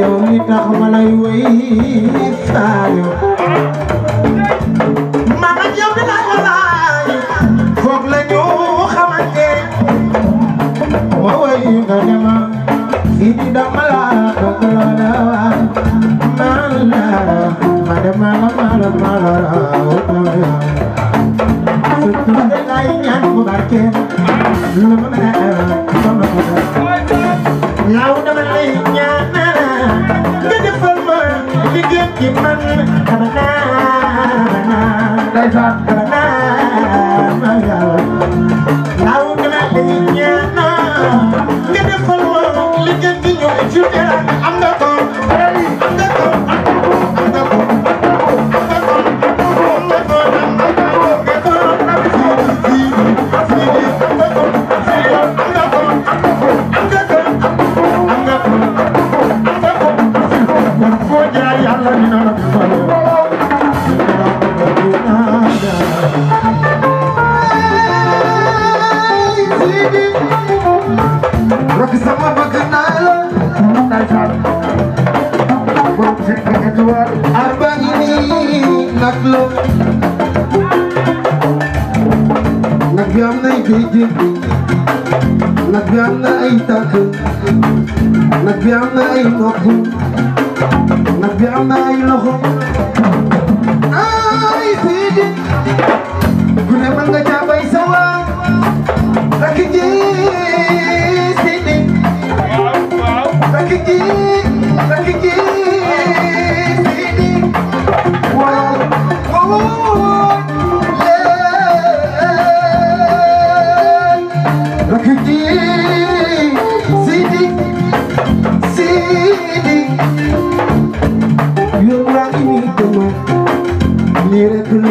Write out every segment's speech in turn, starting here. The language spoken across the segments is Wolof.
yow li tax ma lay wéy saayo man ak yow di laay walaay foog la ñu xamante ma wéy nga ne ma si di dama la toog loola man la ma dama la ma la ma la la surtout da lay ñaan bu barke lu ma mën a ยิ้มมันธรรมดาธรรมดาได้สัก bëgg sama bëgg naa la ndeysaan borom ci bëgg war arba ni nak lo nak bi am na ay géej nak bi am na ay tànk nak bi am na ay nopp nak bi am na ay loxo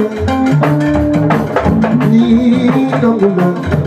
ni dong dong